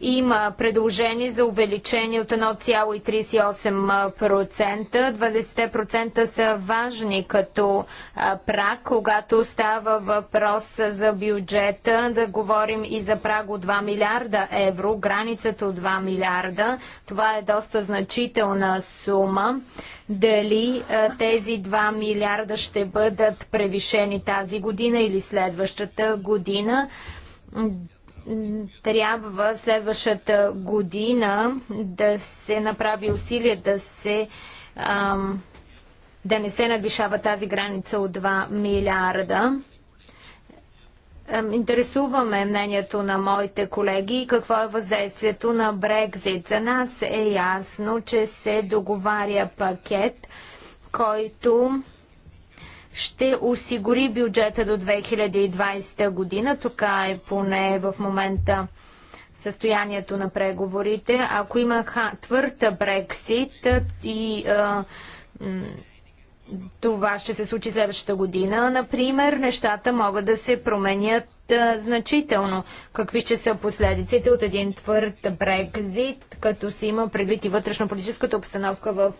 Има предложение за увеличение от 1,38%. 20% са важни като прак, когато става въпрос за бюджета. Да говорим и за праг от 2 милиарда евро, границата от 2 милиарда. Това е доста значителна сума. Дали тези 2 милиарда ще бъдат превишени тази година или следващата година? трябва следващата година да се направи усилие да се да не се надвишава тази граница от 2 милиарда. Интересуваме мнението на моите колеги и какво е въздействието на Брекзит. За нас е ясно, че се договаря пакет, който ще осигури бюджета до 2020 година. Така е поне в момента състоянието на преговорите. Ако има твърда Брексит и а, това ще се случи следващата година, например, нещата могат да се променят а, значително. Какви ще са последиците от един твърд Брекзит, като се има предвид и вътрешно-политическата обстановка в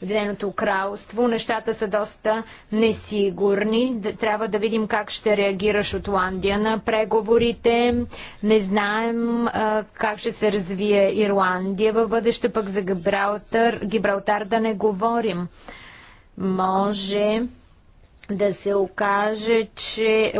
Обединеното кралство? Нещата са доста несигурни. Трябва да видим как ще реагира Шотландия на преговорите. Не знаем а, как ще се развие Ирландия в бъдеще, пък за Гибралтар, Гибралтар да не говорим може да се окаже, че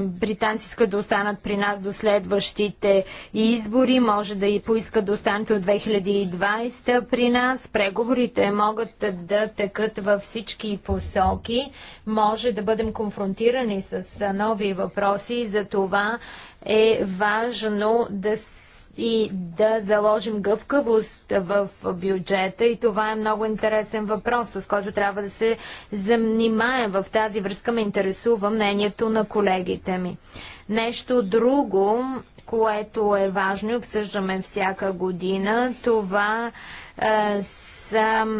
британци искат да останат при нас до следващите избори, може да и поискат да останат от 2020 при нас. Преговорите могат да текат във всички посоки. Може да бъдем конфронтирани с нови въпроси и за това е важно да се и да заложим гъвкавост в бюджета и това е много интересен въпрос, с който трябва да се занимаем. В тази връзка ме интересува мнението на колегите ми. Нещо друго, което е важно и обсъждаме всяка година, това е, са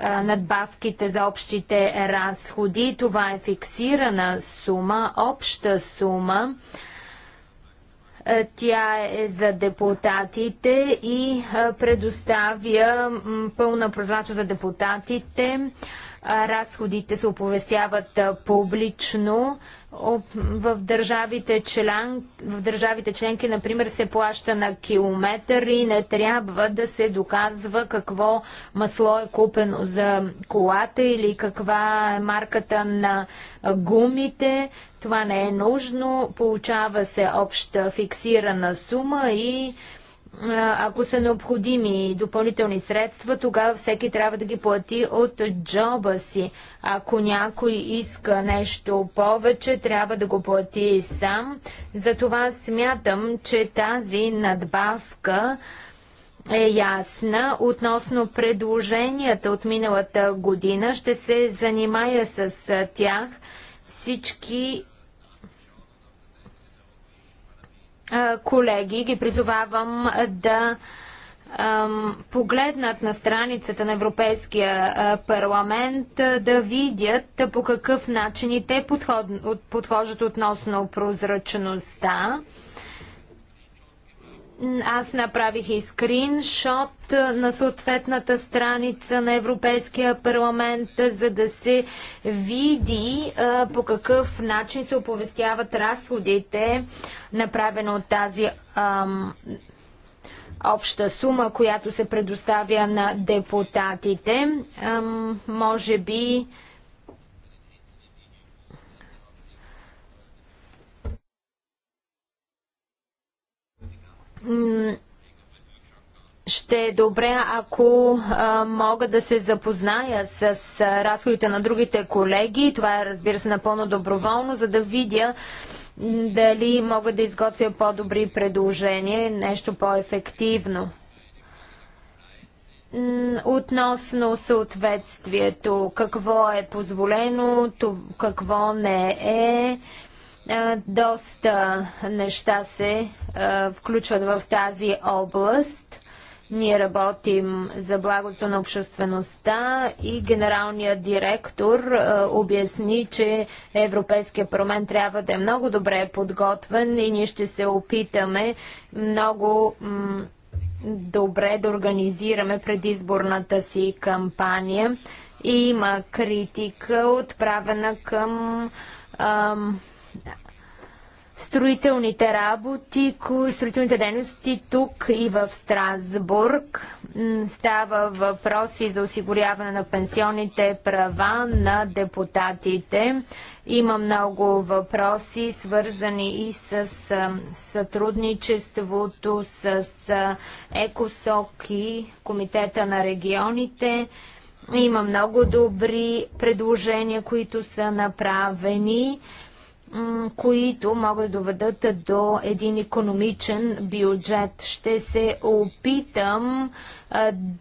е, надбавките за общите разходи. Това е фиксирана сума, обща сума. Е, тя е за депутатите и е, предоставя пълна прозрачност за депутатите разходите се оповестяват публично. В държавите, член, в държавите членки, например, се плаща на километър и не трябва да се доказва какво масло е купено за колата или каква е марката на гумите. Това не е нужно. Получава се обща фиксирана сума и ако са необходими допълнителни средства, тогава всеки трябва да ги плати от джоба си. Ако някой иска нещо повече, трябва да го плати сам. Затова смятам, че тази надбавка е ясна. Относно предложенията от миналата година, ще се занимая с тях. Всички колеги ги призовавам да погледнат на страницата на Европейския парламент, да видят по какъв начин и те подхождат относно прозрачността. Аз направих и скриншот на съответната страница на Европейския парламент, за да се види а, по какъв начин се оповестяват разходите, направено от тази ам, обща сума, която се предоставя на депутатите. Ам, може би. ще е добре, ако а, мога да се запозная с с разходите на другите колеги. Това е, разбира се, напълно доброволно, за да видя дали мога да изготвя по-добри предложения, нещо по-ефективно. Относно съответствието, какво е позволено, какво не е доста неща се включват в тази област. Ние работим за благото на обществеността и генералният директор обясни, че Европейския парламент трябва да е много добре подготвен и ние ще се опитаме много добре да организираме предизборната си кампания. И има критика отправена към строителните работи, строителните дейности тук и в Страсбург. Става въпроси за осигуряване на пенсионните права на депутатите. Има много въпроси, свързани и с сътрудничеството с ЕКОСОК и Комитета на регионите. Има много добри предложения, които са направени които могат да доведат до един економичен бюджет. Ще се опитам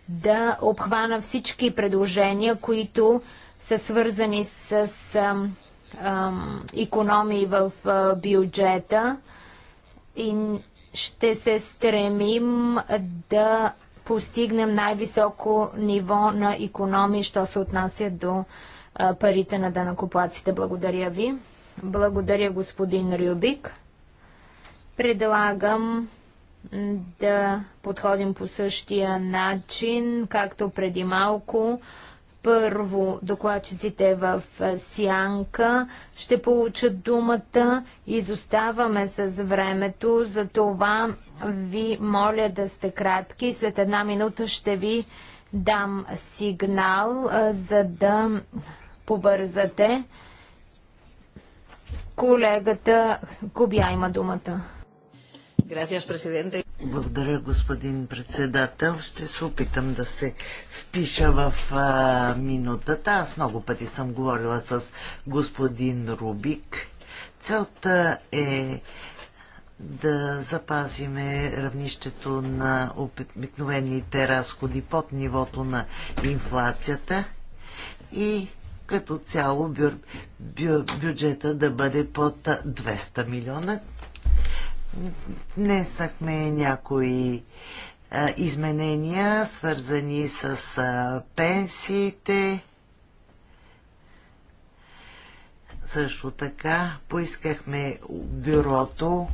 да обхвана всички предложения, които са свързани с економии в бюджета и ще се стремим да постигнем най-високо ниво на економии, що се отнася до парите на данакоплаците. Благодаря ви. Благодаря, господин Рюбик. Предлагам да подходим по същия начин, както преди малко. Първо докладчиците в сянка ще получат думата. Изоставаме с времето, за това ви моля да сте кратки. След една минута ще ви дам сигнал, за да побързате. Колегата Кобя има думата. Благодаря, господин председател. Ще се опитам да се впиша в а, минутата. Аз много пъти съм говорила с господин Рубик. Целта е да запазиме равнището на обикновените разходи под нивото на инфлацията и като цяло бю, бю, бюджета да бъде под 200 милиона. Внесахме някои а, изменения, свързани с а, пенсиите. Също така поискахме бюрото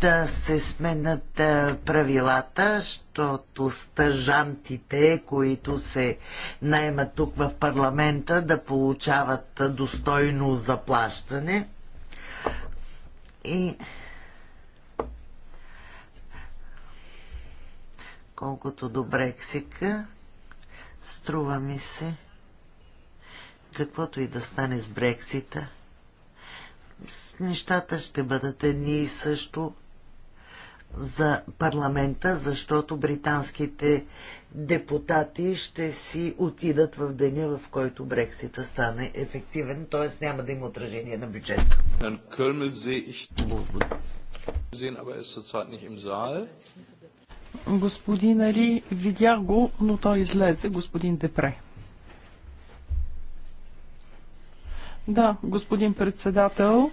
да се сменят е, правилата, защото стъжантите, които се наемат тук в парламента, да получават достойно заплащане. И колкото до Брексика, струва ми се, каквото и да стане с Брексита – нещата ще бъдат едни и също за парламента, защото британските депутати ще си отидат в деня, в който Брексита стане ефективен, т.е. няма да има отражение на бюджета. Er господин Али, видях го, но той излезе, господин Депре. Да, господин председател,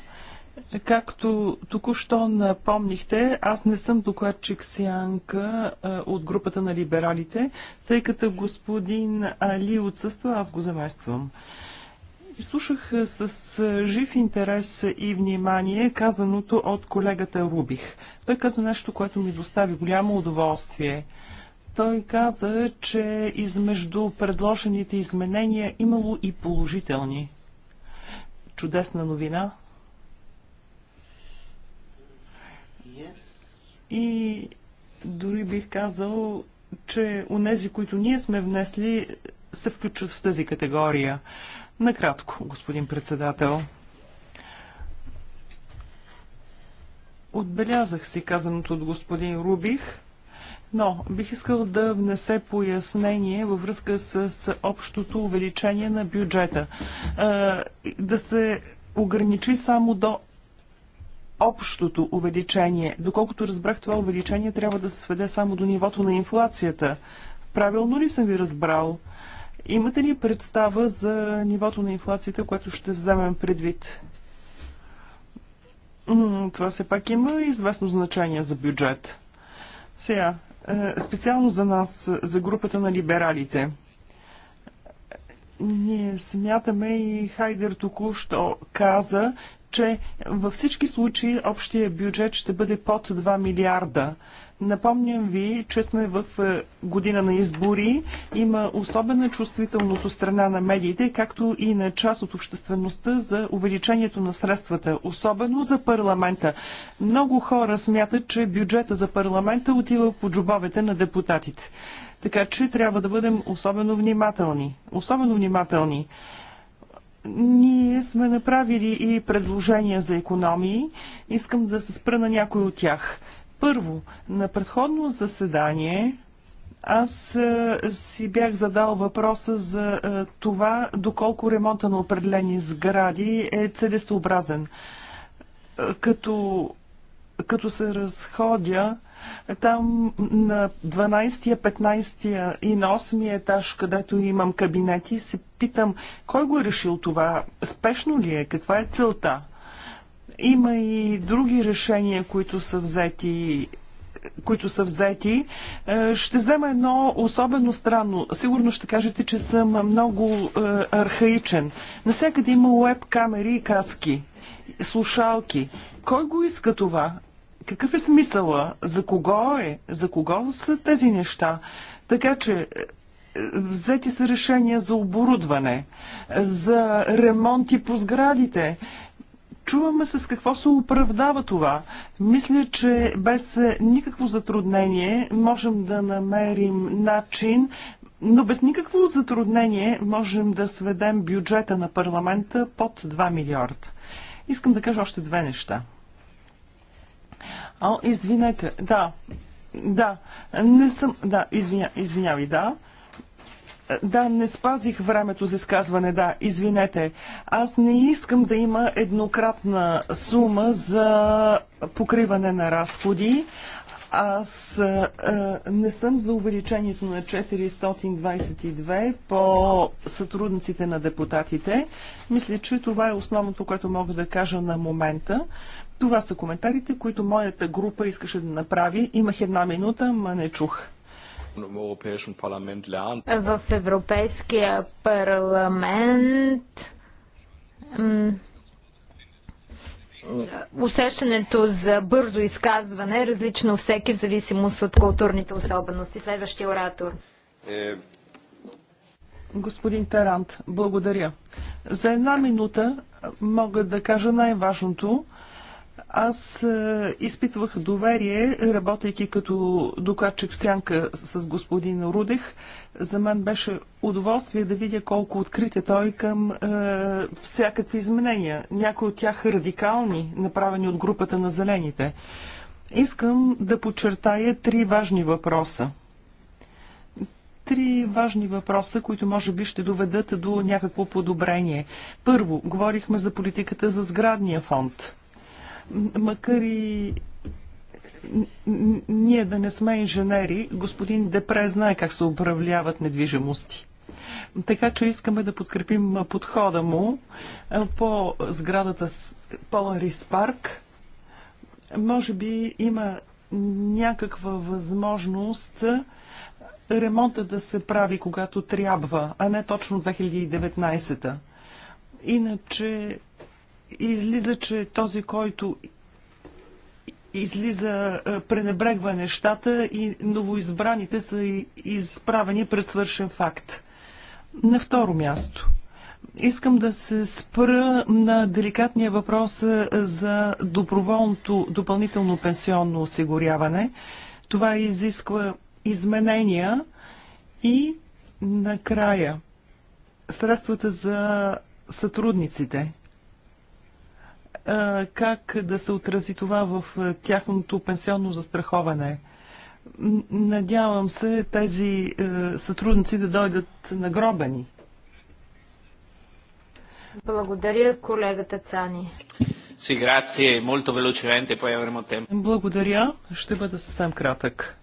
както току-що напомнихте, аз не съм докладчик Сянка от групата на либералите, тъй като господин Али отсъства, аз го замествам. Слушах с жив интерес и внимание казаното от колегата Рубих. Той каза нещо, което ми достави голямо удоволствие. Той каза, че измежду предложените изменения имало и положителни чудесна новина. И дори бих казал, че онези, които ние сме внесли, се включват в тази категория. Накратко, господин председател. Отбелязах си казаното от господин Рубих. Но бих искал да внесе пояснение във връзка с общото увеличение на бюджета. Да се ограничи само до общото увеличение. Доколкото разбрах, това увеличение трябва да се сведе само до нивото на инфлацията. Правилно ли съм ви разбрал? Имате ли представа за нивото на инфлацията, което ще вземем предвид? Това все пак има известно значение за бюджет. Сега, е, специално за нас, за групата на либералите. Ние смятаме и Хайдер току-що каза, че във всички случаи общия бюджет ще бъде под 2 милиарда. Напомням ви, че сме в е, година на избори. Има особена чувствителност от страна на медиите, както и на част от обществеността за увеличението на средствата, особено за парламента. Много хора смятат, че бюджета за парламента отива по джобовете на депутатите. Така че трябва да бъдем особено внимателни. Особено внимателни. Ние сме направили и предложения за економии. Искам да се спра на някой от тях. Първо, на предходно заседание аз е, си бях задал въпроса за е, това, доколко ремонта на определени сгради е целесообразен. Е, като, като се разходя, там на 12 15 и на 8-я етаж, където имам кабинети, се питам, кой го е решил това? Спешно ли е? Каква е целта? Има и други решения, които са взети които са взети. Е, ще взема едно особено странно. Сигурно ще кажете, че съм много е, архаичен. Насякъде има уеб камери и каски, слушалки. Кой го иска това? Какъв е смисъла? За кого е? За кого са тези неща? Така че е, взети са решения за оборудване, за ремонти по сградите. Чуваме с какво се оправдава това. Мисля, че без никакво затруднение можем да намерим начин но без никакво затруднение можем да сведем бюджета на парламента под 2 милиарда. Искам да кажа още две неща. О, извинете, да, да, не съм, да, извиня, извинявай, да. Да, не спазих времето за изказване, да, извинете. Аз не искам да има еднократна сума за покриване на разходи. Аз е, е не съм за увеличението на 422 по сътрудниците на депутатите. Мисля, че това е основното, което мога да кажа на момента. Това са коментарите, които моята група искаше да направи. Имах една минута, ма не чух. В Европейския парламент усещането за бързо изказване е различно всеки в зависимост от културните особености. Следващия оратор. Е, Господин Тарант, благодаря. За една минута мога да кажа най-важното аз е, изпитвах доверие, работейки като докладчик в сянка с господин Рудех. За мен беше удоволствие да видя колко открит е той към е, всякакви изменения. Някои от тях радикални, направени от групата на зелените. Искам да подчертая три важни въпроса. Три важни въпроса, които може би ще доведат до някакво подобрение. Първо, говорихме за политиката за сградния фонд макар и ние да не сме инженери, господин Депре знае как се управляват недвижимости. Така че искаме да подкрепим подхода му по сградата Поларис парк. Може би има някаква възможност ремонта да се прави когато трябва, а не точно 2019-та. Иначе излиза, че този, който излиза, е, пренебрегва нещата и новоизбраните са изправени пред свършен факт. На второ място. Искам да се спра на деликатния въпрос е, за доброволното допълнително пенсионно осигуряване. Това изисква изменения и накрая средствата за сътрудниците как да се отрази това в тяхното пенсионно застраховане. Надявам се тези сътрудници да дойдат нагробени. Благодаря, колегата Цани. Си, грация, Молто велочевенте, появремо тем. Благодаря. Ще бъда съвсем кратък.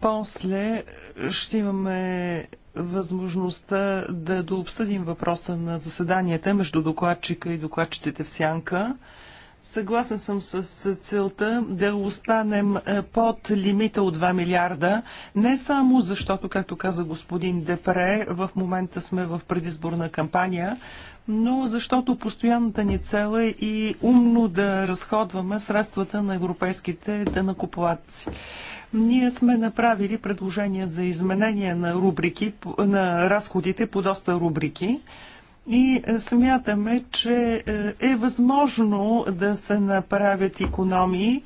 После ще имаме възможността да дообсъдим въпроса на заседанията между докладчика и докладчиците в сянка. Съгласен съм с целта да останем е, под лимита от 2 милиарда, не само защото, както каза господин Депре, в момента сме в предизборна кампания, но защото постоянната ни цел е и умно да разходваме средствата на европейските данакоплатци. Да ние сме направили предложения за изменение на рубрики, на разходите по доста рубрики. И е, смятаме, че е, е възможно да се направят економии,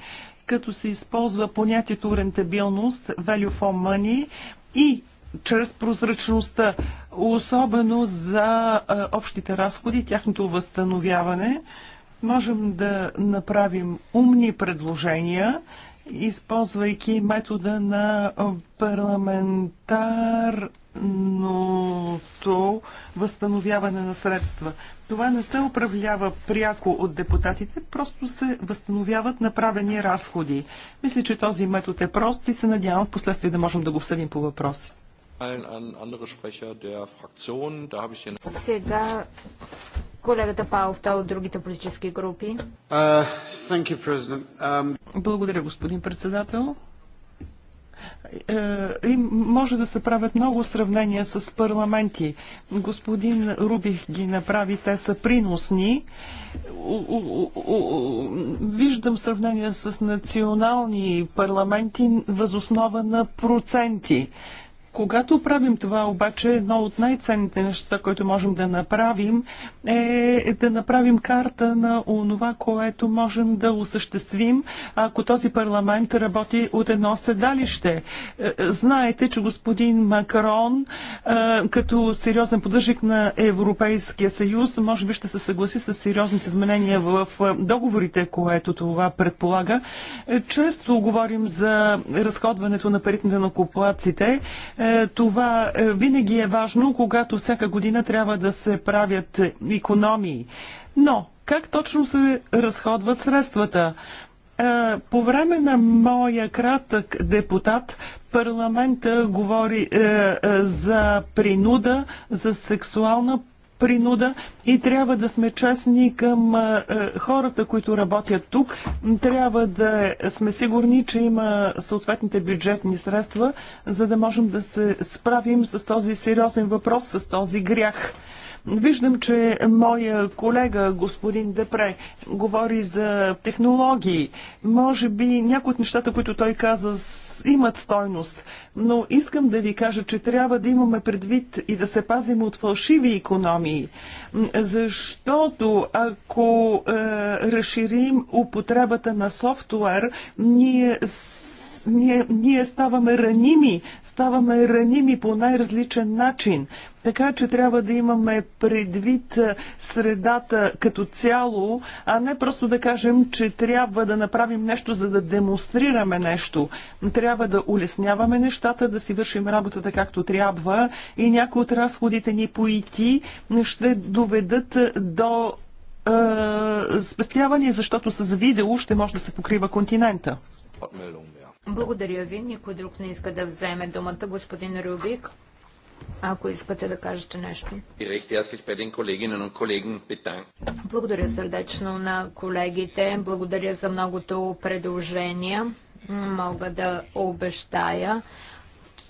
като се използва понятието рентабилност, value for money и чрез прозрачността, особено за е, общите разходи, тяхното възстановяване. Можем да направим умни предложения, използвайки метода на парламентарното възстановяване на средства. Това не се управлява пряко от депутатите, просто се възстановяват направени разходи. Мисля, че този метод е прост и се надявам в последствие да можем да го обсъдим по въпроси. Сега Колегата Пауфта от другите политически групи. Uh, you, um... Благодаря, господин председател. Е, е, И може да се правят много сравнения с парламенти. Господин Рубих ги направи, те са приносни. Виждам сравнения с национални парламенти възоснова на проценти. Когато правим това, обаче, едно от най-ценните неща, които можем да направим, е да направим карта на онова, което можем да осъществим, ако този парламент работи от едно седалище. Е, знаете, че господин Макрон, е, като сериозен поддържик на Европейския съюз, може би ще се съгласи с сериозните изменения в договорите, което това предполага. Е, често говорим за разходването на парите на купуаците. Е, това е, винаги е важно, когато всяка година трябва да се правят економии. Но как точно се разходват средствата? Е, по време на моя кратък депутат парламента говори за принуда, за сексуална принуда и трябва да сме честни към хората, които работят тук. Трябва да сме сигурни, че има съответните бюджетни средства, за да можем да се справим с този сериозен въпрос, с този грях. Виждам, че моя колега, господин Депре, говори за технологии. Може би някои от нещата, които той каза, имат стойност. Но искам да ви кажа, че трябва да имаме предвид и да се пазим от фалшиви економии. Защото ако е, разширим употребата на софтуер, ние с ние, ние ставаме раними, ставаме раними по най-различен начин. Така че трябва да имаме предвид е, средата като цяло, а не просто да кажем, че трябва да направим нещо, за да демонстрираме нещо. Трябва да улесняваме нещата, да си вършим работата както трябва и някои от разходите ни по IT ще доведат е, до е, спестявания, защото с видео ще може да се покрива континента. Благодаря ви. Никой друг не иска да вземе думата. Господин Рюбик, ако искате да кажете нещо. Er Благодаря сърдечно на колегите. Благодаря за многото предложения. Мога да обещая,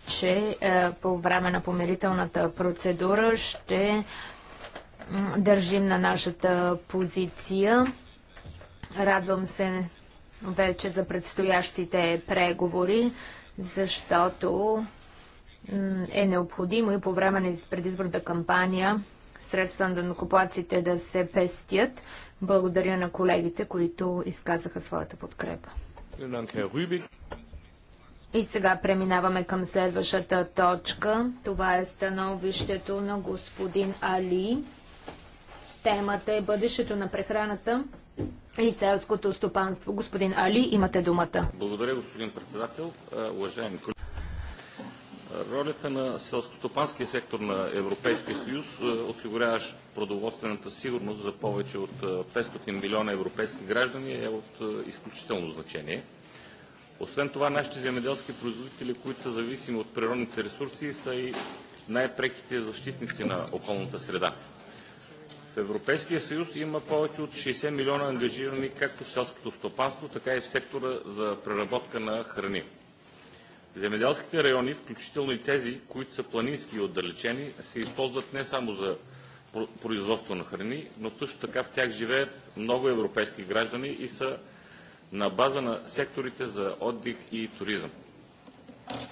че е, по време на помирителната процедура ще държим на нашата позиция. Радвам се вече за предстоящите преговори, защото е необходимо и по време на предизборната кампания средства на данокоплаците да се пестят. Благодаря на колегите, които изказаха своята подкрепа. И сега преминаваме към следващата точка. Това е становището на господин Али. Темата е бъдещето на прехраната и селското стопанство. Господин Али, имате думата. Благодаря, господин председател. Е, уважаеми колеги, ролята на селскостопанския сектор на Европейския съюз, е, осигуряващ продоволствената сигурност за повече от 500 е, милиона европейски граждани, е от изключително значение. Освен това, нашите земеделски производители, които са зависими от природните ресурси, са и най-преките защитници на околната среда. В Европейския съюз има повече от 60 милиона ангажирани както в селското стопанство, така и в сектора за преработка на храни. Земеделските райони, включително и тези, които са планински и отдалечени, се използват не само за производство на храни, но също така в тях живеят много европейски граждани и са на база на секторите за отдих и туризъм.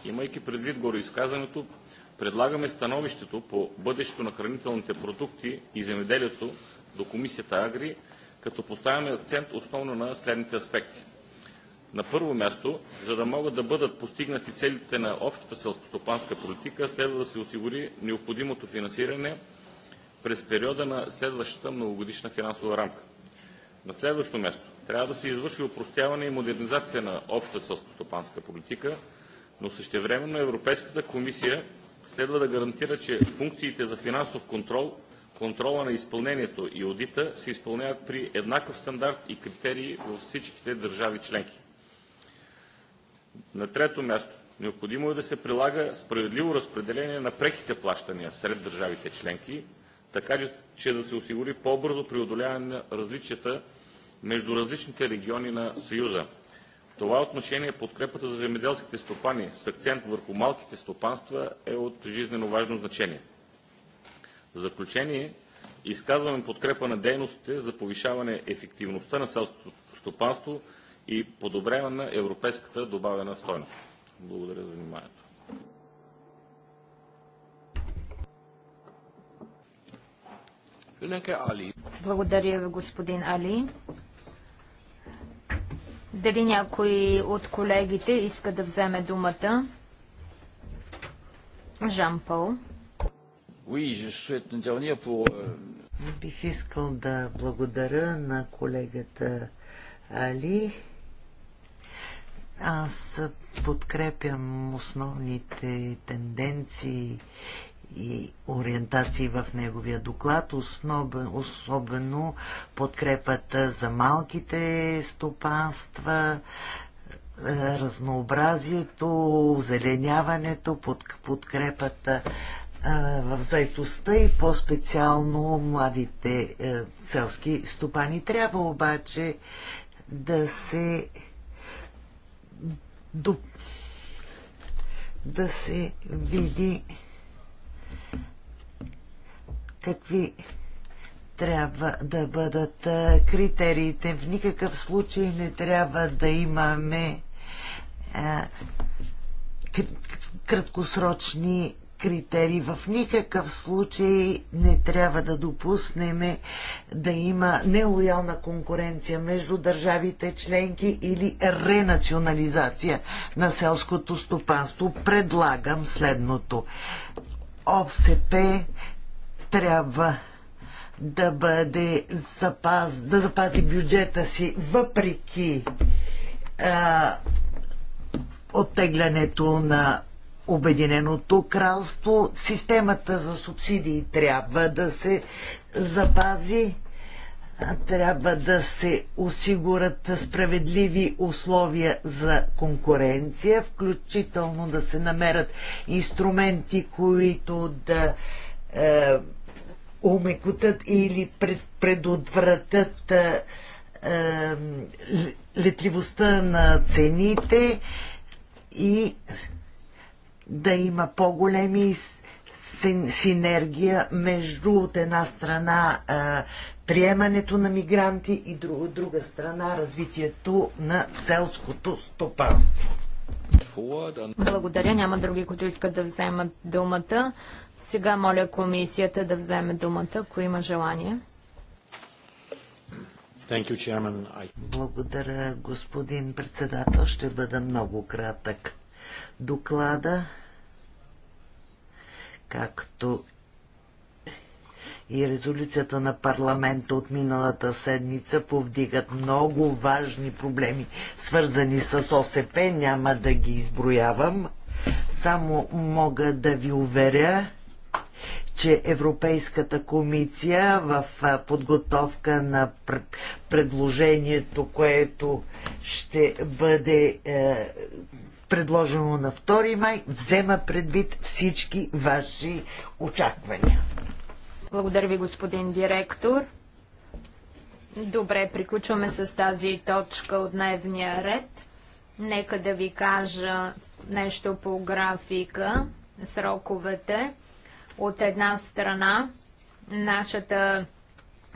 Имайки предвид гореизказаното, предлагаме становището по бъдещето на хранителните продукти и земеделието до Комисията Агри, като поставяме акцент основно на следните аспекти. На първо място, за да могат да бъдат постигнати целите на общата селскостопанска политика, следва да се осигури необходимото финансиране през периода на следващата многогодишна финансова рамка. На следващо място, трябва да се извърши упростяване и модернизация на общата селскостопанска политика, но същевременно Европейската комисия следва да гарантира, че функциите за финансов контрол, контрола на изпълнението и одита се изпълняват при еднакъв стандарт и критерии във всичките държави членки. На трето място, необходимо е да се прилага справедливо разпределение на преките плащания сред държавите членки, така че да се осигури по-бързо преодоляване на различията между различните региони на Съюза това отношение подкрепата за земеделските стопани с акцент върху малките стопанства е от жизнено важно значение. В заключение, изказваме подкрепа на дейностите за повишаване ефективността на селското стопанство и подобряване на европейската добавена стойност. Благодаря за вниманието. Благодаря ви, господин Али. Дали някой от колегите иска да вземе думата? Жан Пол. Euh, Бих искал да благодаря на колегата Али. Аз подкрепям основните тенденции и ориентации в неговия доклад, особено подкрепата за малките стопанства, е, разнообразието, зеленяването, подкрепата е, в заетостта и по-специално младите е, селски стопани. Трябва обаче да се да се види какви трябва да бъдат критериите. В никакъв случай не трябва да имаме краткосрочни критерии. В никакъв случай не трябва да допуснеме да има нелоялна конкуренция между държавите членки или ренационализация на селското стопанство. Предлагам следното. ОВСП трябва да бъде запаз, да запази бюджета си въпреки а, оттеглянето на Обединеното кралство. Системата за субсидии трябва да се запази. Трябва да се осигурят справедливи условия за конкуренция, включително да се намерят инструменти, които да А, е, омекотат или пред, предотвратят а, а, летливостта на цените и да има по-големи синергия между от една страна а, приемането на мигранти и друг, от друга страна развитието на селското стопанство. Благодаря. Няма други, които искат да вземат думата. Сега моля комисията да вземе думата, ако има желание. You, Благодаря, господин председател. Ще бъда много кратък. Доклада, както и резолюцията на парламента от миналата седмица повдигат много важни проблеми, свързани с ОСП. Няма да ги изброявам. Само мога да ви уверя, че Европейската комисия в подготовка на предложението, което ще бъде е, предложено на 2 май, взема предвид всички ваши очаквания. Благодаря ви, господин директор. Добре, приключваме с тази точка от дневния ред. Нека да ви кажа нещо по графика, сроковете. От една страна, нашата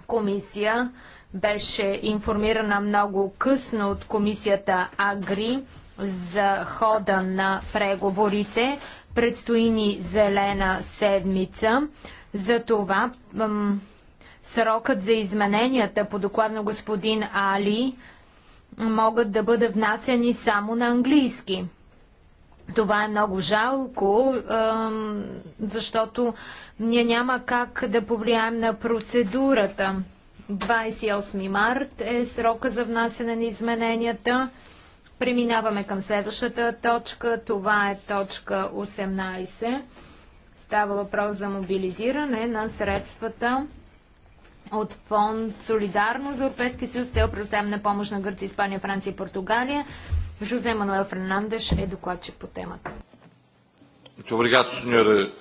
комисия беше информирана много късно от комисията Агри за хода на преговорите. Предстои ни зелена седмица. За това срокът за измененията по доклад на господин Али могат да бъдат внасяни само на английски. Това е много жалко, защото ние няма как да повлияем на процедурата. 28 март е срока за внасяне на измененията. Преминаваме към следващата точка. Това е точка 18. Става въпрос за мобилизиране на средствата от фонд Солидарно за Европейския съюз, цел предоставяне на помощ на Гърция, Испания, Франция и Португалия Жозе Мануел Фернандеш е докладчик по темата. Eh,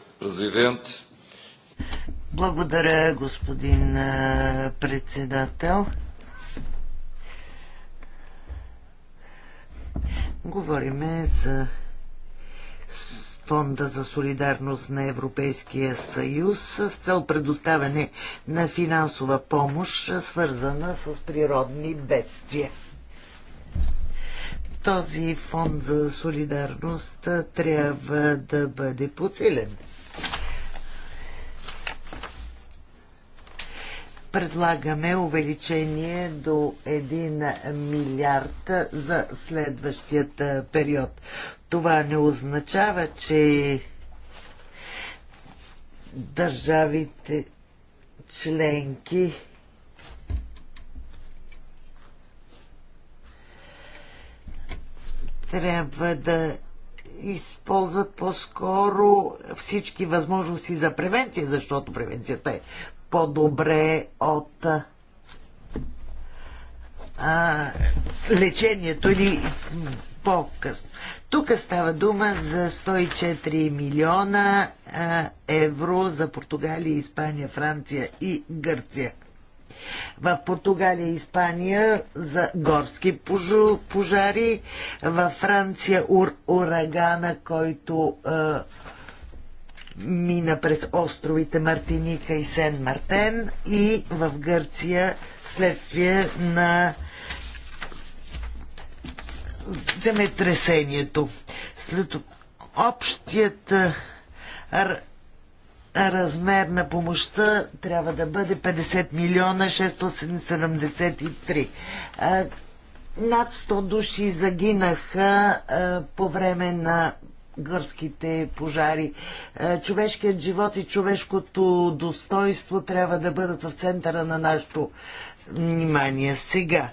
Благодаря, господин председател. Говориме за Фонда за солидарност на Европейския съюз с цел предоставяне на финансова помощ, свързана с природни бедствия този фонд за солидарност трябва да бъде подсилен. предлагаме увеличение до 1 милиард за следващият период. Това не означава, че държавите членки трябва да използват по-скоро всички възможности за превенция, защото превенцията е по-добре от а, лечението или по-късно. Тук става дума за 104 милиона а, евро за Португалия, Испания, Франция и Гърция в Португалия и Испания за горски пожари, във Франция ур, урагана, който е, мина през островите Мартиника и Сен Мартен и в Гърция следствие на земетресението. След общият размер на помощта трябва да бъде 50 милиона 673. Над 100 души загинаха по време на гърските пожари. Човешкият живот и човешкото достоинство трябва да бъдат в центъра на нашето внимание. Сега,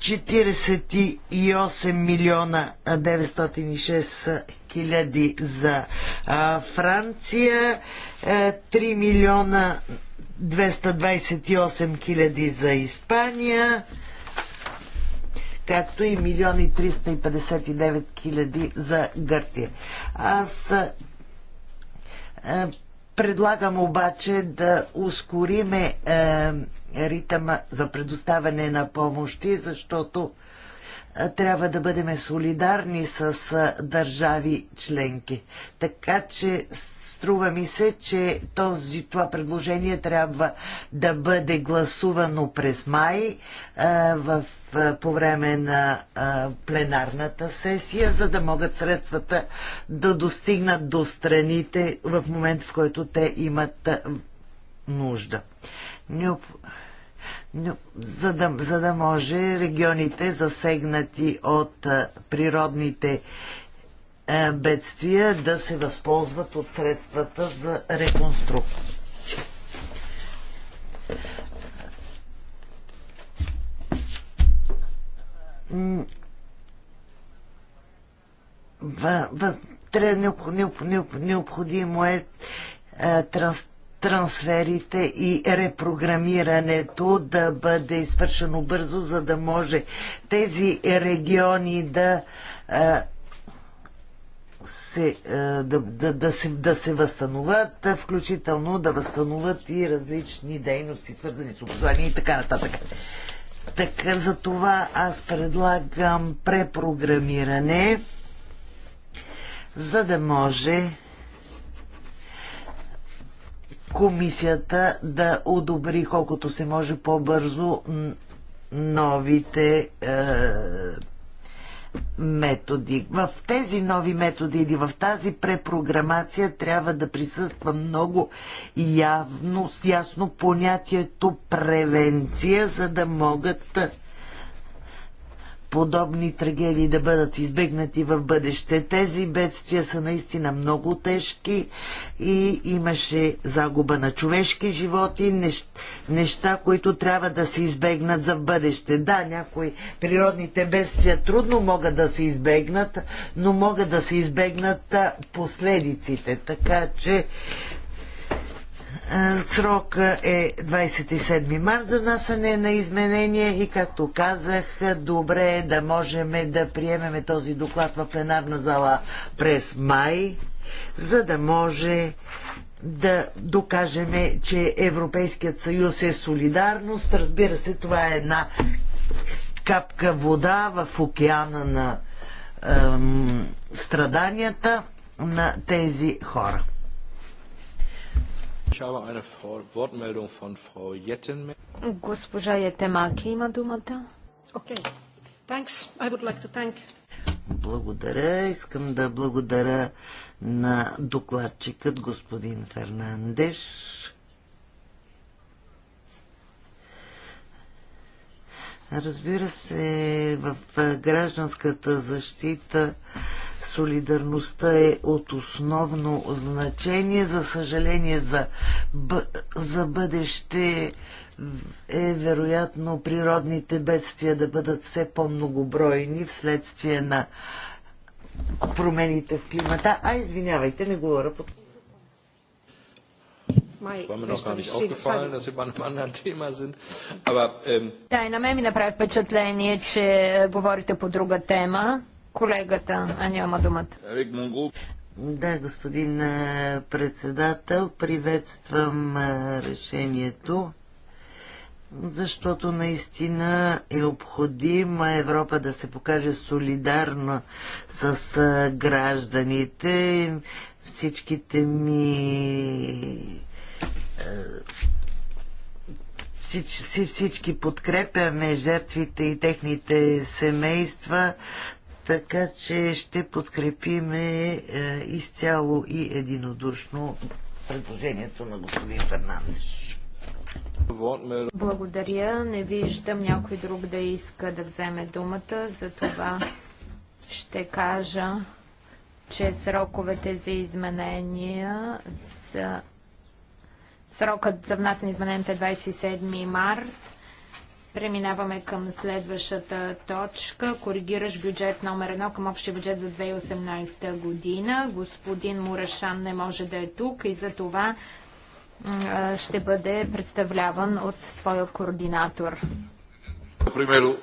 48 милиона 906 хиляди за а, Франция, 3 е, милиона 228 хиляди за Испания, както и милиони 359 хиляди за Гърция. Аз а, е, предлагам обаче да ускориме а, е, ритъма за предоставяне на помощи, защото трябва да бъдем солидарни с държави членки. Така че струва ми се, че този, това предложение трябва да бъде гласувано през май в, по време на а, пленарната сесия, за да могат средствата да достигнат до страните в момент, в който те имат нужда. Необходимо но, за, да, за да може регионите засегнати от а, природните а, бедствия да се възползват от средствата за реконструкция. Въз, тря, необходимо е транс, трансферите и репрограмирането да бъде извършено бързо, за да може тези региони да се, да, да, да, се, да се възстановят, включително да възстановят и различни дейности, свързани с образование и така нататък. Така, за това аз предлагам препрограмиране, за да може комисията да одобри колкото се може по-бързо новите е, методи. В тези нови методи или в тази препрограмация трябва да присъства много явно, с ясно понятието превенция, за да могат подобни трагедии да бъдат избегнати в бъдеще. Тези бедствия са наистина много тежки и имаше загуба на човешки животи, неща, неща, които трябва да се избегнат за бъдеще. Да, някои природните бедствия трудно могат да се избегнат, но могат да се избегнат последиците. Така че Срок е 27 март за внасяне на изменения и както казах, добре е да можем да приемеме този доклад в пленарна зала през май, за да може да докажем, че Европейският съюз е солидарност. Разбира се, това е една капка вода в океана на страданията на тези хора. Госпожа Етемаки има думата. Okay. Like благодаря. Искам да благодаря на докладчикът господин Фернандеш. Разбира се, в гражданската защита солидарността е от основно значение. За съжаление, за, за бъдеще е вероятно природните бедствия да бъдат все по-многобройни вследствие на промените в климата. А, извинявайте, не говоря по ähm, Да, и на мен ми направи впечатление, че е, говорите по друга тема. Колегата, а няма думата. Да, господин председател, приветствам решението, защото наистина е необходима Европа да се покаже солидарно с гражданите. Всичките ми всички подкрепяме жертвите и техните семейства, така че ще подкрепиме е, изцяло и единодушно предложението на господин Фернандеш. Благодаря. Не виждам някой друг да иска да вземе думата. За това ще кажа, че сроковете за изменения са... Срокът за внасяне измененията е 27 март Преминаваме към следващата точка. Коригираш бюджет номер 1 към общия бюджет за 2018 година. Господин Мурашан не може да е тук и за това ще бъде представляван от своя координатор. Primeiro,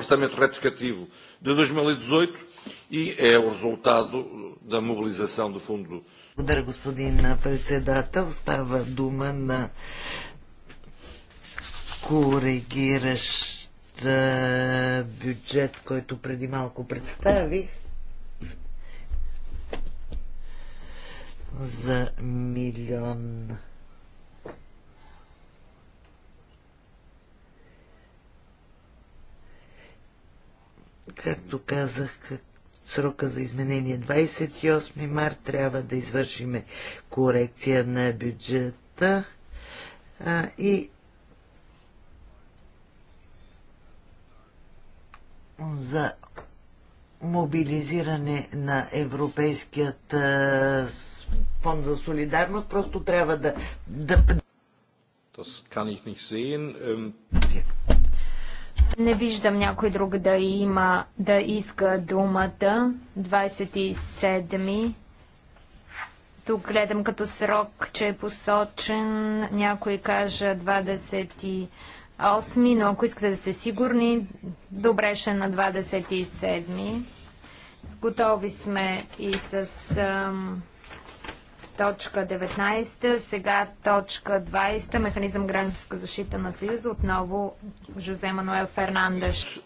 orçamento retificativo de 2018 e é o resultado da mobilização do fundo. Благодаря, господин председател. Става дума на коригиращ бюджет, който преди малко представих за милион както казах, срока за изменение 28 е март трябва да извършиме корекция на бюджета а, и за мобилизиране на Европейският фонд за солидарност. Просто трябва да... да... Не виждам някой друг да има, да иска думата. 27 тук гледам като срок, че е посочен. Някой каже 28 8, но ако искате да сте сигурни, добре ще е на 27. Готови сме и с ам, точка 19, сега точка 20, механизъм гражданска защита на Съюза, отново Жозе Мануел Фернандеш.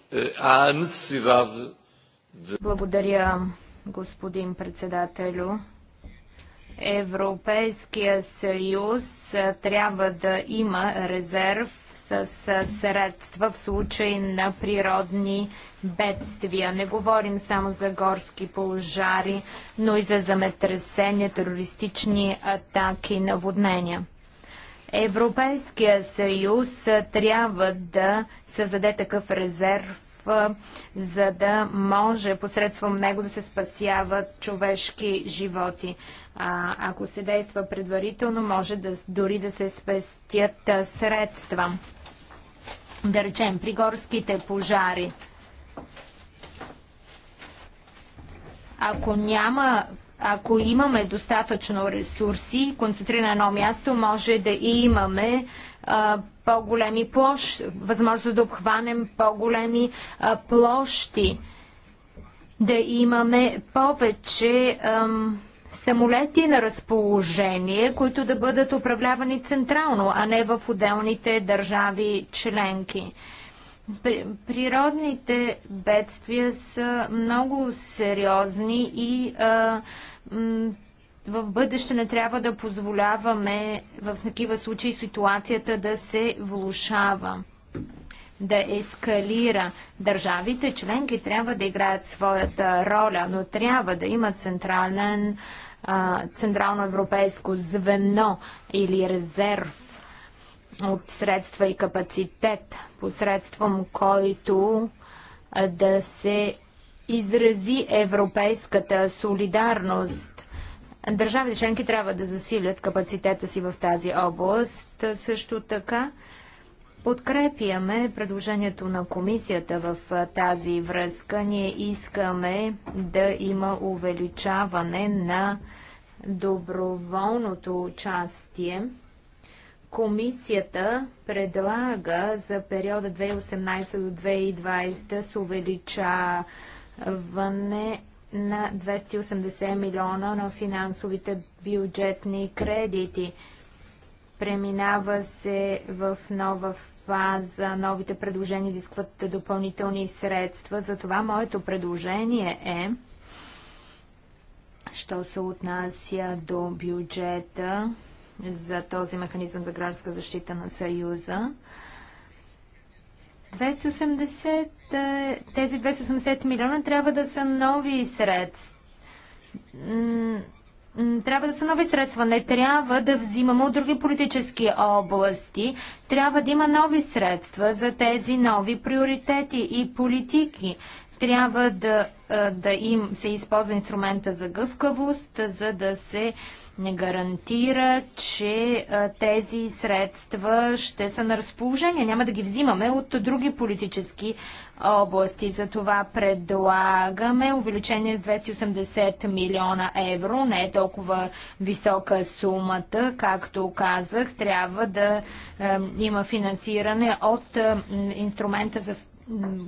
Благодаря, господин председателю. Европейския съюз трябва да има резерв с средства в случай на природни бедствия. Не говорим само за горски пожари, но и за земетресения, терористични атаки, наводнения. Европейския съюз трябва да създаде такъв резерв за да може посредством него да се спасяват човешки животи. А, ако се действа предварително, може да, дори да се спестят средства. Да речем, при горските пожари. Ако няма ако имаме достатъчно ресурси, концентрирано на едно място, може да и имаме по-големи площи, възможност да обхванем по-големи площи, да имаме повече самолети на разположение, които да бъдат управлявани централно, а не в отделните държави членки. Природните бедствия са много сериозни и а, в бъдеще не трябва да позволяваме в такива случаи ситуацията да се влушава, да ескалира. Държавите членки трябва да играят своята роля, но трябва да има централен, централно европейско звено или резерв от средства и капацитет, посредством който да се изрази европейската солидарност Държавите членки трябва да засилят капацитета си в тази област. Също така подкрепяме предложението на комисията в тази връзка. Ние искаме да има увеличаване на доброволното участие. Комисията предлага за периода 2018 до 2020 с увеличаване на 280 милиона на финансовите бюджетни кредити. Преминава се в нова фаза. Новите предложения изискват допълнителни средства. Затова моето предложение е, що се отнася до бюджета за този механизъм за гражданска защита на Съюза, 280, тези 280 милиона трябва да са нови средства. Трябва да са нови средства. Не трябва да взимаме от други политически области. Трябва да има нови средства за тези нови приоритети и политики. Трябва да, да им се използва инструмента за гъвкавост, за да се не гарантира, че тези средства ще са на разположение. Няма да ги взимаме от други политически области. За това предлагаме увеличение с 280 милиона евро. Не е толкова висока сумата, както казах. Трябва да има финансиране от инструмента за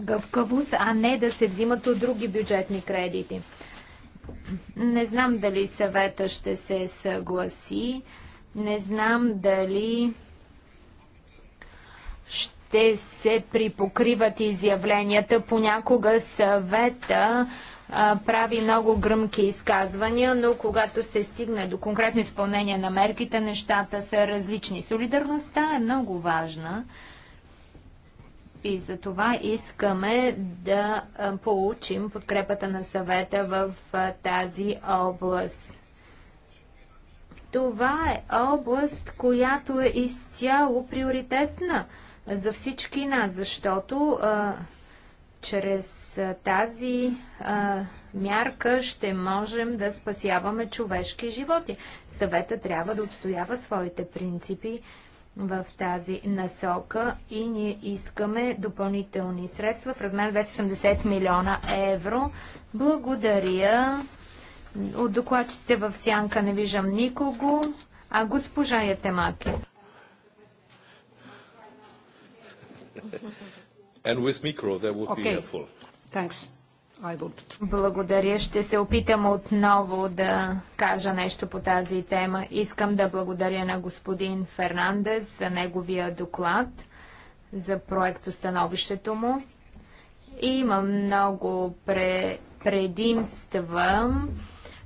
гъвкавост, а не да се взимат от други бюджетни кредити. Не знам дали съвета ще се съгласи. Не знам дали ще се припокриват изявленията. Понякога съвета а, прави много гръмки изказвания, но когато се стигне до конкретно изпълнение на мерките, нещата са различни. Солидарността е много важна. И за това искаме да получим подкрепата на съвета в тази област. Това е област, която е изцяло приоритетна за всички нас, защото а, чрез тази а, мярка ще можем да спасяваме човешки животи. Съвета трябва да отстоява своите принципи в тази насока и ние искаме допълнителни средства в размер 280 милиона евро. Благодаря. От докладчите в сянка не виждам никого, а госпожа Ятемаки. And with micro, that would okay. be helpful. Thanks. Благодаря. Ще се опитам отново да кажа нещо по тази тема. Искам да благодаря на господин Фернандес за неговия доклад, за проектостановището му. Има много предимства,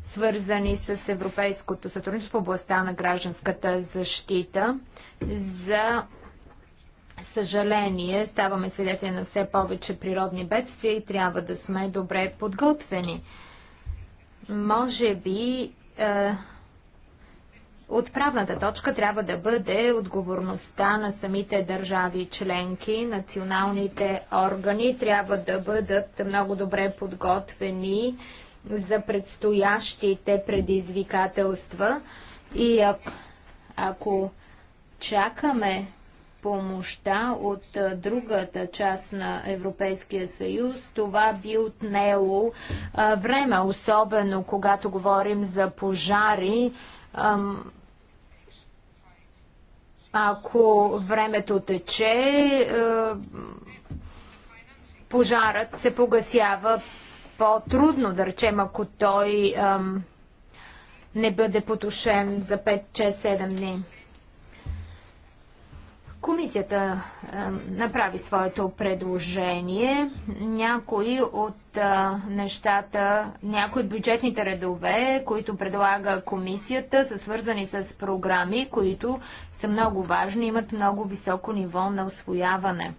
свързани с европейското сътрудничество в областта на гражданската защита за съжаление ставаме свидетели на все повече природни бедствия и трябва да сме добре подготвени. Може би е, отправната точка трябва да бъде отговорността на самите държави членки. Националните органи трябва да бъдат много добре подготвени за предстоящите предизвикателства. И ако, ако чакаме помощта от другата част на Европейския съюз, това би отнело време, особено когато говорим за пожари. ако времето тече, пожарът се погасява по-трудно, да речем, ако той не бъде потушен за 5, 6, 7 дни. Комисията е, направи своето предложение. Някои от е, нещата, някои от бюджетните редове, които предлага комисията, са свързани с програми, които са много важни, имат много високо ниво на освояване.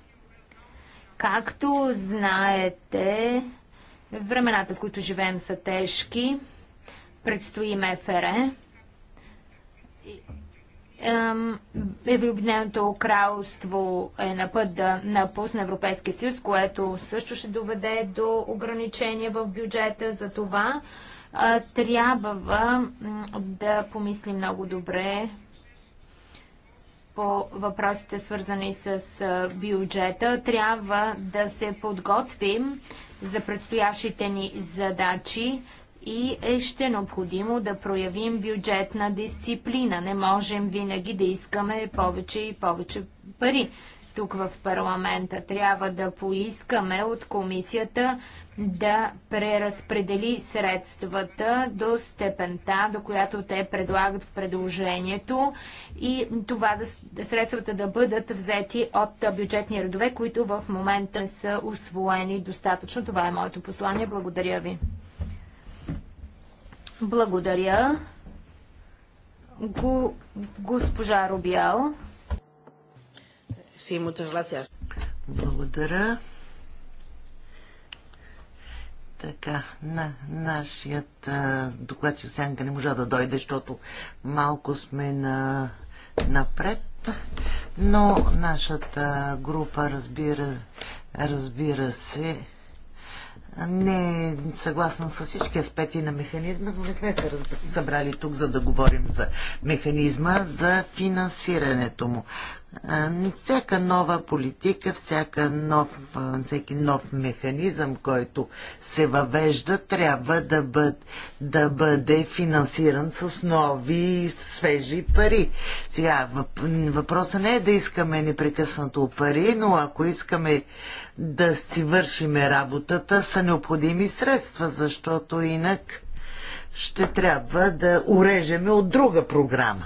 Както знаете, времената, в които живеем, са тежки. Предстои МФР. Обединеното кралство е на път да напусне Европейския съюз, което също ще доведе до ограничения в бюджета. За това трябва да помисли много добре по въпросите свързани с бюджета. Трябва да се подготвим за предстоящите ни задачи и е ще необходимо да проявим бюджетна дисциплина. Не можем винаги да искаме повече и повече пари. Тук в парламента трябва да поискаме от комисията да преразпредели средствата до степента, до която те предлагат в предложението и това да, средствата да бъдат взети от бюджетни редове, които в момента са освоени достатъчно. Това е моето послание. Благодаря ви. Благодаря. Го, госпожа Рубиал. Sí, Благодаря. Така, на нашият че Сянка не можа да дойде, защото малко сме на, напред. Но нашата група разбира, разбира се, не е съгласна с всички аспекти на механизма, но не сме се събрали тук, за да говорим за механизма, за финансирането му всяка нова политика, всяка нов, всеки нов механизъм, който се въвежда, трябва да бъде, да бъде финансиран с нови свежи пари. Сега, въпросът не е да искаме непрекъснато пари, но ако искаме да си вършиме работата, са необходими средства, защото инак ще трябва да урежеме от друга програма.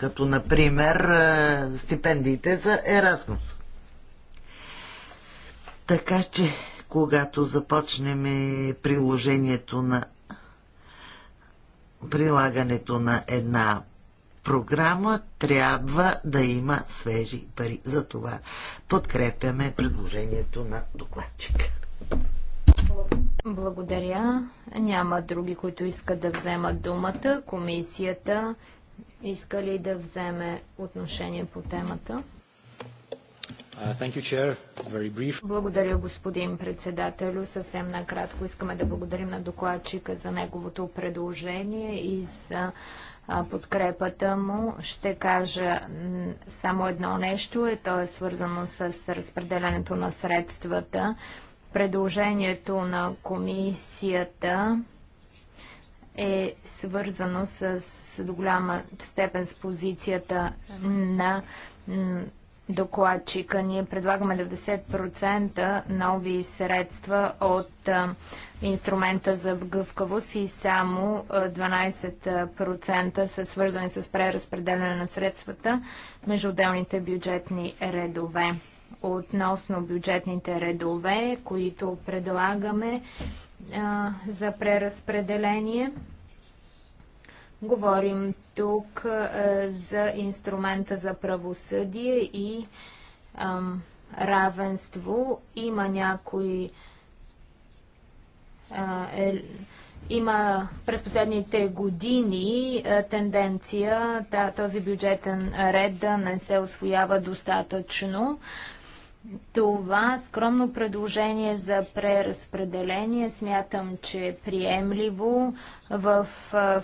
като например е, стипендиите за Еразмус. Така че, когато започнем е, приложението на прилагането на една програма, трябва да има свежи пари. За това подкрепяме предложението на докладчика. Благодаря. Няма други, които искат да вземат думата. Комисията иска ли да вземе отношение по темата? Uh, Благодаря, господин председателю. Съвсем накратко искаме да благодарим на докладчика за неговото предложение и за подкрепата му. Ще кажа само едно нещо, и е, то е свързано с разпределенето на средствата. Предложението на комисията е свързано с, с до голяма степен с позицията на докладчика. Ние предлагаме 90% нови средства от а, инструмента за гъвкавост и само 12% са свързани с преразпределяне на средствата между отделните бюджетни редове. Относно бюджетните редове, които предлагаме, за преразпределение. Говорим тук за инструмента за правосъдие и равенство. Има някои. Е, има през последните години тенденция този бюджетен ред да не се освоява достатъчно това скромно предложение за преразпределение смятам, че е приемливо в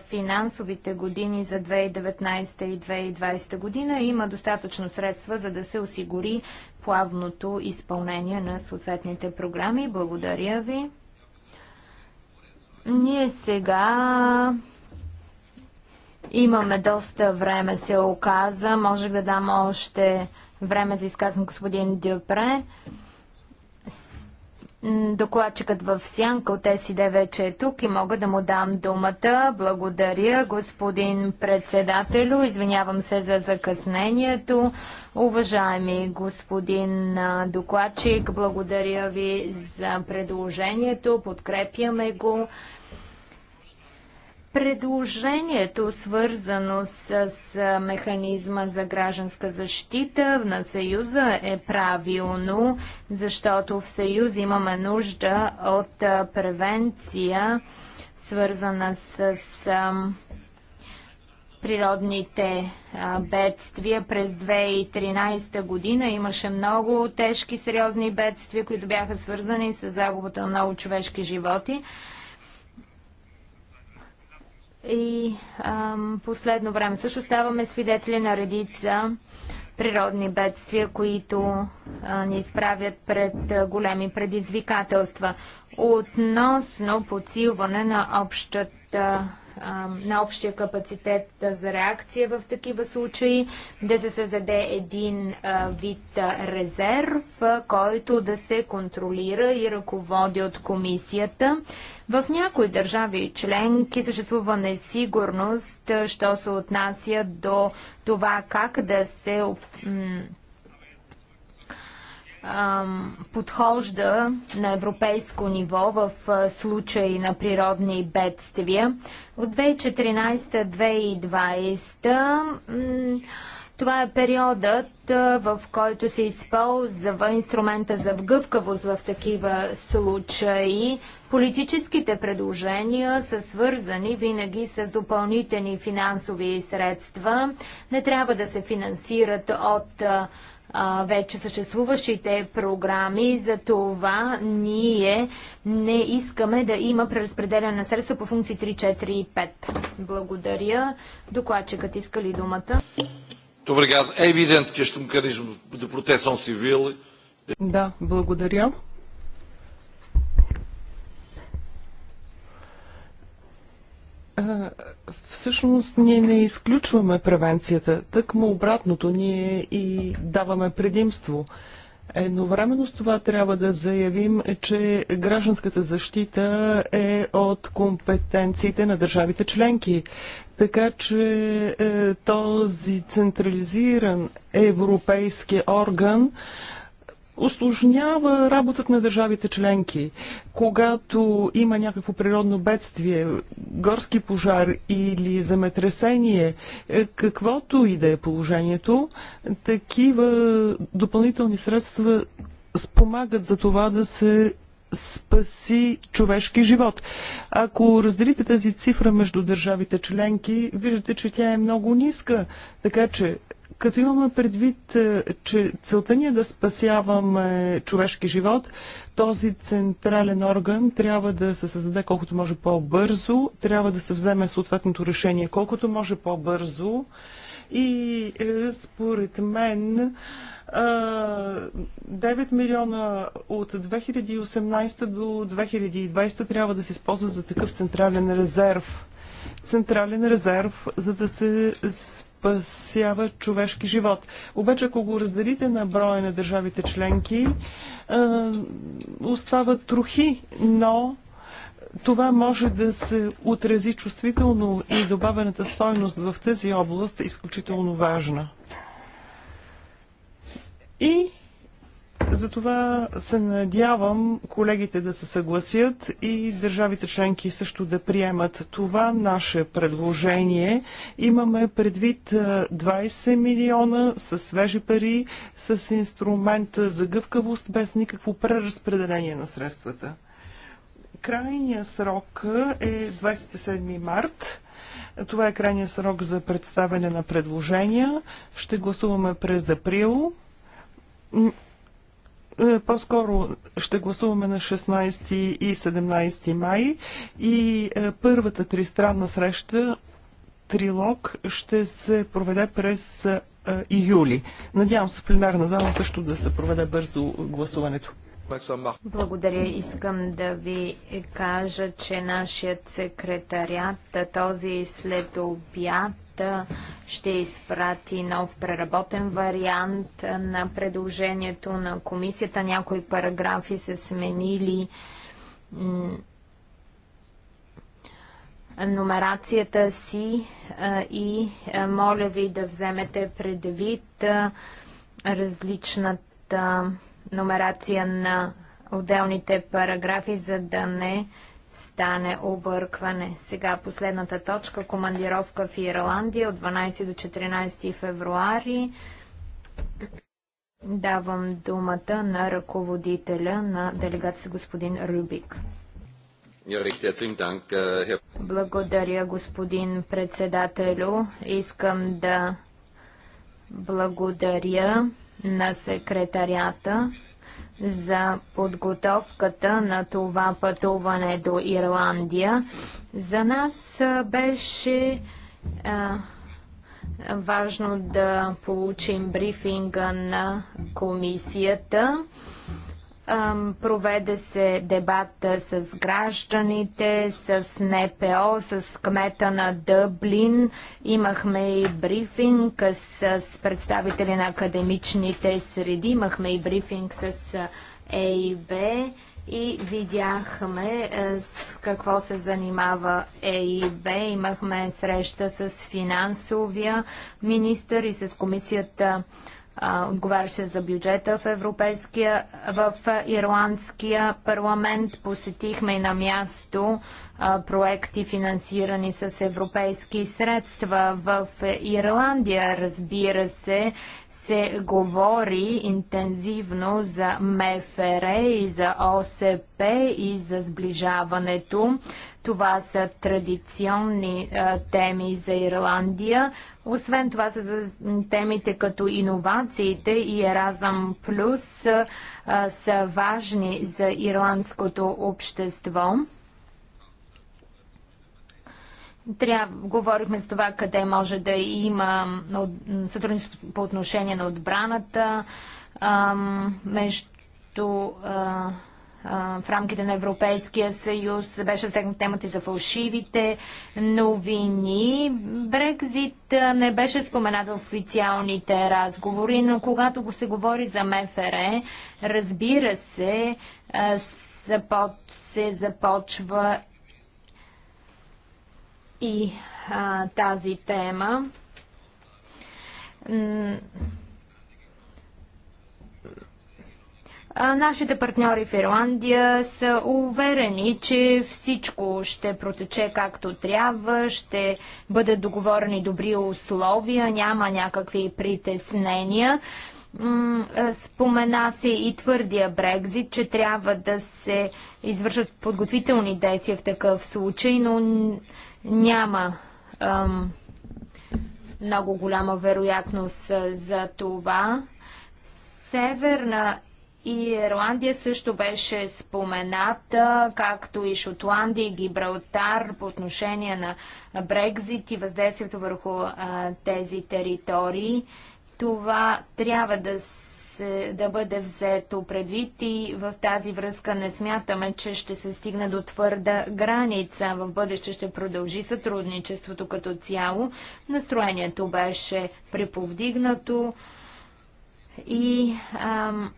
финансовите години за 2019 и 2020 година. Има достатъчно средства, за да се осигури плавното изпълнение на съответните програми. Благодаря ви. Ние сега Имаме доста време, се оказа. Можех да дам още време за изказване господин Дюпре. Докладчикът в Сянка от СИД вече е тук и мога да му дам думата. Благодаря, господин председателю. Извинявам се за закъснението. Уважаеми господин докладчик, благодаря ви за предложението. Подкрепяме го. Предложението, свързано с механизма за гражданска защита на Съюза е правилно, защото в Съюз имаме нужда от превенция, свързана с природните бедствия. През 2013 година имаше много тежки, сериозни бедствия, които бяха свързани с загубата на много човешки животи. И ам, последно време също ставаме свидетели на редица природни бедствия, които а, ни изправят пред а, големи предизвикателства. Относно подсилване на общата на общия капацитет за реакция в такива случаи, да се създаде един вид резерв, който да се контролира и ръководи от комисията. В някои държави членки съществува несигурност, що се отнася до това как да се подхожда на европейско ниво в случаи на природни бедствия. От 2014-2020 това е периодът, в който се използва инструмента за вгъвкавост в такива случаи. Политическите предложения са свързани винаги с допълнителни финансови средства. Не трябва да се финансират от вече съществуващите програми. За това ние не искаме да има преразпределяне на средства по функции 3, 4 и 5. Благодаря. Докладчикът иска ли думата? Obrigado. É evidente que este mecanismo de proteção civil. Да, благодаря. Всъщност ние не изключваме превенцията, тъкмо обратното, ние и даваме предимство. Едновременно с това трябва да заявим, че гражданската защита е от компетенциите на държавите членки. Така че е, този централизиран европейски орган осложнява работата на държавите членки. Когато има някакво природно бедствие, горски пожар или земетресение, е, каквото и да е положението, такива допълнителни средства спомагат за това да се спаси човешки живот. Ако разделите тази цифра между държавите членки, виждате, че тя е много ниска. Така че като имаме предвид, е, че целта ни е да спасяваме човешки живот, този централен орган трябва да се създаде колкото може по-бързо, трябва да се вземе съответното решение колкото може по-бързо и е, според мен 9 е, милиона от 2018 до 2020 трябва да се използва за такъв централен резерв централен резерв, за да се спасява човешки живот. Обаче, ако го разделите на броя на държавите членки, е, остават трохи, но това може да се отрази чувствително и добавената стойност в тази област е изключително важна. И затова се надявам колегите да се съгласят и държавите членки също да приемат това наше предложение. Имаме предвид 20 милиона с свежи пари, с инструмент за гъвкавост, без никакво преразпределение на средствата. Крайният срок е 27 март. Това е крайният срок за представяне на предложения. Ще гласуваме през април е, по-скоро ще гласуваме на 16 и 17 май и е, първата тристранна среща, трилог, ще се проведе през июли. Е, юли. Надявам се в пленарна зала също да се проведе бързо гласуването. Благодаря. Искам да ви кажа, че нашият секретарят този след обяд Съвета ще изпрати нов преработен вариант на предложението на комисията. Някои параграфи са сменили нумерацията си и моля ви да вземете предвид различната нумерация на отделните параграфи, за да не стане объркване. Сега последната точка командировка в Ирландия от 12 до 14 февруари. Давам думата на ръководителя на делегация господин Рубик. Äh, благодаря, господин председателю. Искам да благодаря на секретарята за подготовката на това пътуване до Ирландия. За нас беше а, важно да получим брифинга на комисията Проведе се дебат с гражданите, с НПО, с кмета на Дъблин. Имахме и брифинг с представители на академичните среди. Имахме и брифинг с ЕИБ и видяхме с какво се занимава ЕИБ. Имахме среща с финансовия министър и с комисията отговаряше за бюджета в Европейския, в Ирландския парламент. Посетихме и на място проекти финансирани с европейски средства в Ирландия. Разбира се, се говори интензивно за МФР и за ОСП и за сближаването. Това са традиционни а, теми за Ирландия. Освен това са за темите като иновациите и Еразъм Плюс са важни за ирландското общество. Трябва, говорихме за това къде може да има сътрудничество по отношение на отбраната между в рамките на Европейския съюз. Беше засегната темата и за фалшивите новини. Брекзит не беше споменат в официалните разговори, но когато го се говори за МФР, разбира се, се започва и а, тази тема. Нашите партньори в Ирландия са уверени, че всичко ще протече както трябва, ще бъдат договорени добри условия, няма някакви притеснения. Спомена се и твърдия Брекзит, че трябва да се извършат подготвителни действия в такъв случай, но няма ам, много голяма вероятност за това. Северна и Ирландия също беше спомената, както и Шотландия и Гибралтар по отношение на Брекзит и въздействието върху а, тези територии. Това трябва да се, да бъде взето предвид и в тази връзка не смятаме, че ще се стигне до твърда граница. В бъдеще ще продължи сътрудничеството като цяло. Настроението беше приповдигнато и ам,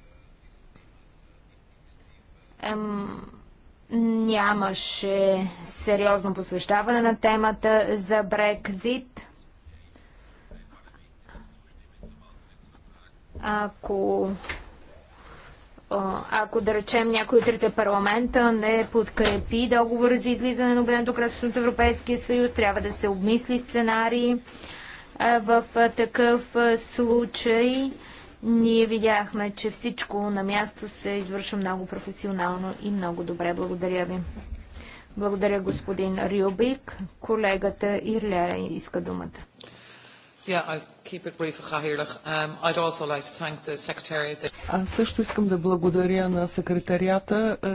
ам, нямаше сериозно посвещаване на темата за Брекзит. Ако ако да речем някой от трите парламента не подкрепи договор за излизане на Обединеното кралство от Европейския съюз, трябва да се обмисли сценарий. В такъв случай ние видяхме, че всичко на място се извършва много професионално и много добре. Благодаря ви. Благодаря господин Рюбик. Колегата Ирлера иска думата. Yeah, I'll keep it brief, um, I'd also like to thank the secretariat. Аз също искам да благодаря на секретарията е,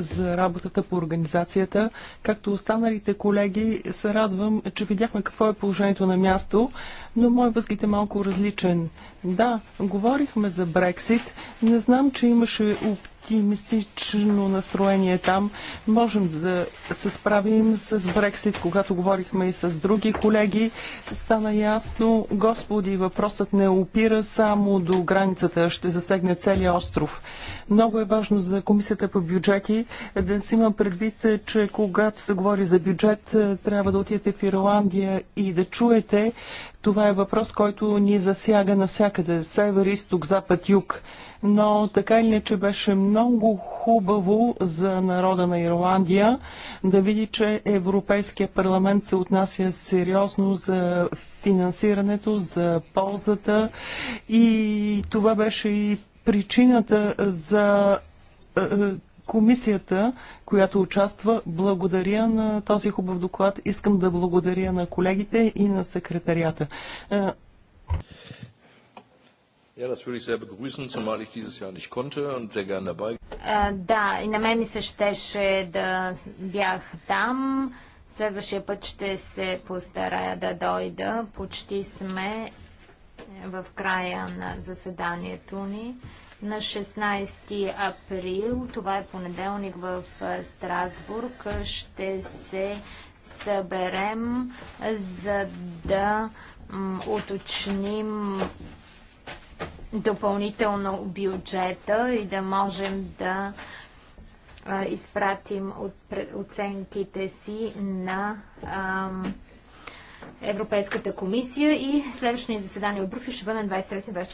за работата по организацията. Както останалите колеги, се радвам, че видяхме какво е положението на място, но мой възглед е малко различен. Да, говорихме за Брексит. Не знам, че имаше оптимизъм оптимистично настроение там. Можем да се справим с Брексит, когато говорихме и с други колеги. Стана ясно, господи, въпросът не опира само до границата, ще засегне целия остров. Много е важно за комисията по бюджети да си има предвид, че когато се говори за бюджет, трябва да отидете в Ирландия и да чуете. Това е въпрос, който ни засяга навсякъде. Север, изток, запад, юг но така или иначе беше много хубаво за народа на Ирландия да види, че Европейския парламент се отнася сериозно за финансирането, за ползата и това беше и причината за е, е, комисията, която участва. Благодаря на този хубав доклад. Искам да благодаря на колегите и на секретарията. Е, Ja, das würde ich sehr begrüßen, zumal ich dieses Jahr nicht konnte und sehr gerne dabei. Е, да, и на мен ми се щеше да бях там. Следващия път ще се постарая да дойда. Почти сме е, в края на заседанието ни. На 16 април, това е понеделник в е, Страсбург, ще се съберем, за да уточним допълнително бюджета и да можем да а, изпратим от, оценките си на а, Европейската комисия и следващото ни заседание в Брюксел ще бъде на 23-24